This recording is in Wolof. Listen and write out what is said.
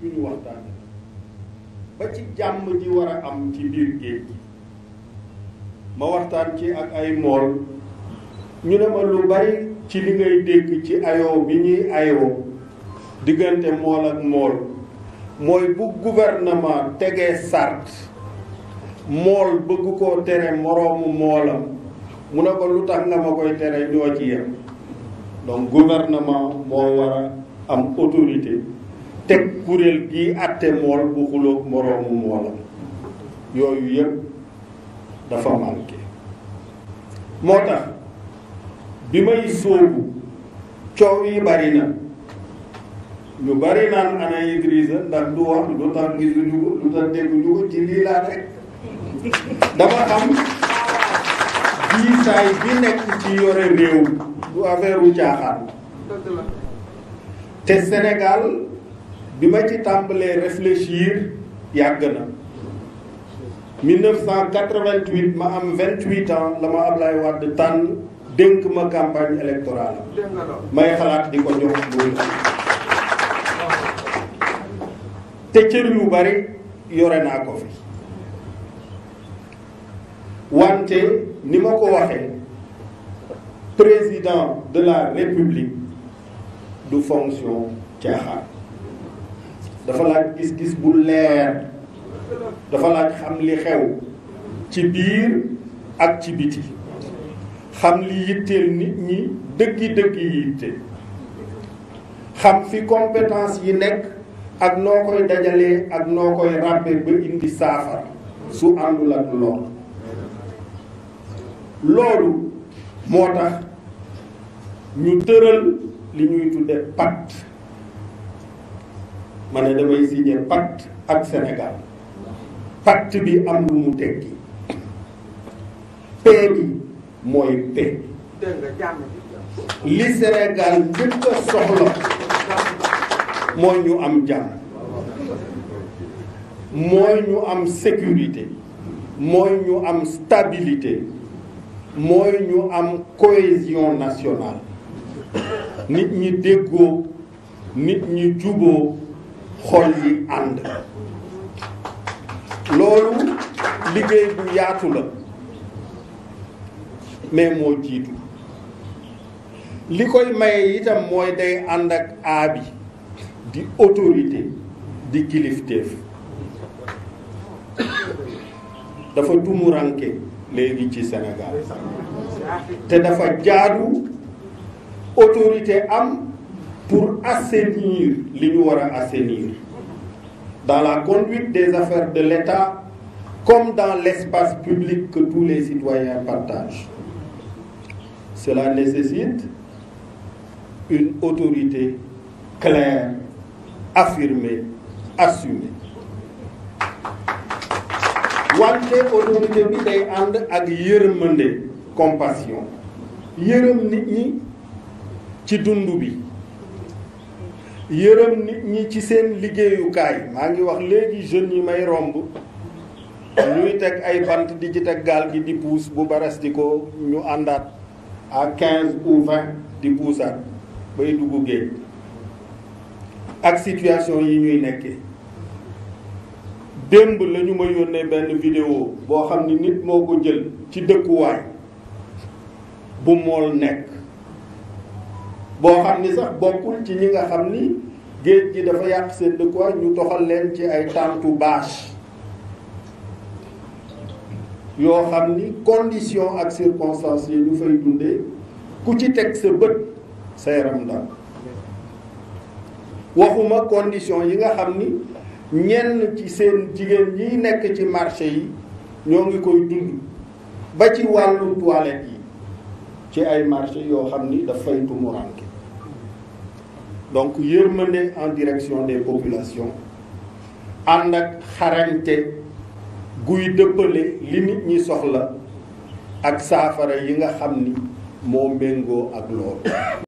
Touba ba ci jàmm ji war a am ci biir géej gi ma waxtaan ci ak ay mool ñu ne ma lu bari ci li ngay dégg ci ayoo bi ñuy ayoo diggante mool ak mool mooy bu gouvernement tegee sart mool bëgg koo tere moroomu moolam mu ne ko lu tax nga ma koy tere doo ci yem donc gouvernement moo war a am autorité teg kuréel gi àtte mool bu xuloog moroomu moolam yooyu yëpp dafa manqué moo tax bi may sóobu coow yi bari na bari naan ana Idrissa ndax du wax lu tax gisuñu lu tax dégguñu ko ci lii rek dama xam diisaay bi nekk ci yore réew du affaire caaxaan te Sénégal bi ma ci tàmbalee réfléchir yàgg na 1988 ma am 28 ans la ma Ablaye Wade tànn dénk ma campagne électorale may xalaat di ko jox loolu te cër yu bari yore naa ko fi wante ni ma ko waxee président de la république du fonction caaxaan dafa laaj gis-gis bu leer dafa laaj xam li xew ci biir ak ci biti xam li yitteel nit ñi dëggi-dëggi yitte xam fi compétence yi nekk ak noo koy dajalee ak noo koy ràbbe ba indi saafara su àndul ak lool loolu moo tax ñu tëral li ñuy tuddee pacte mane ne damay signé pacte ak senegal pacte bi am lu mu tekki paix bi mooy paix li Sénégal njëkk soxla mooy ñu am jàmm mooy ñu am sécurité mooy ñu am stabilité mooy ñu am cohésion nationale nit ñi déggoo nit ñi juboo xol yi ànd loolu liggéey bu yaatu la mais moo jiitu li koy maye itam mooy day ànd ak aabi di autorité di kilifteef dafa tumu léegi ci Sénégal te dafa jaadu autorité am pour assainir li ñu war a assainir dans la conduite des affaires de l'État comme dans l'espace public que tous les citoyens partagent cela nécessite une autorité claire affirmée assumée wante autorité bi day ànd ak yërmande compassion yërëm nit ñi ci dund bi yërëm nit ñi ci seen liggéeyukaay maa ngi wax léegi jeunes yi may romb ñuy teg ay bant di ci teg gaal gi di puus bu baras di ko ñu àndaat à quinze ou di puusaat bay dugg géej ak situation yi ñuy nekkee démb la ñu ma yónnee benn vidéo boo xam ni nit moo ko jël ci dëkkuwaay bu mool nekk boo xam ni sax bokkul ci ñi nga xam ni géej gi dafa yàq seen dëkkuwaay ñu toxal leen ci ay tàntu baas yoo xam ni condition ak circonstances yi fay dundee ku ci teg sa bët sa yaram daal waxuma condition yi nga xam ni ñenn ci seen jigéen ñiy nekk ci marché yi ñoo ngi koy dund ba ci wàllu toilette yi ci ay marché yoo xam ni daf fay tumuranke donc yërmande en direction des populations ànd ak xarañte guy dëppale li nit ñi soxla ak saafara yi nga xam ni moo méngoo ak loolu